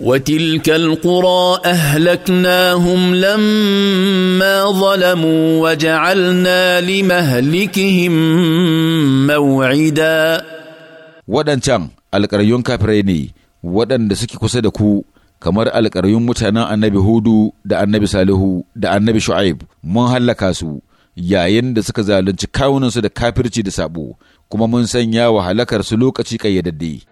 وتلك القرى اهلكناهم لما ظلموا وجعلنا لمهلكهم موعدا waɗancan alƙaryun kafirai ne waɗanda suke kusa da ku kamar alƙaryun mutanen annabi hudu da annabi salihu da annabi shu'aib mun hallaka su yayin da suka zalunci kawunansu da kafirci da sabo kuma mun sanya wa halakarsu lokaci ƙayyadadde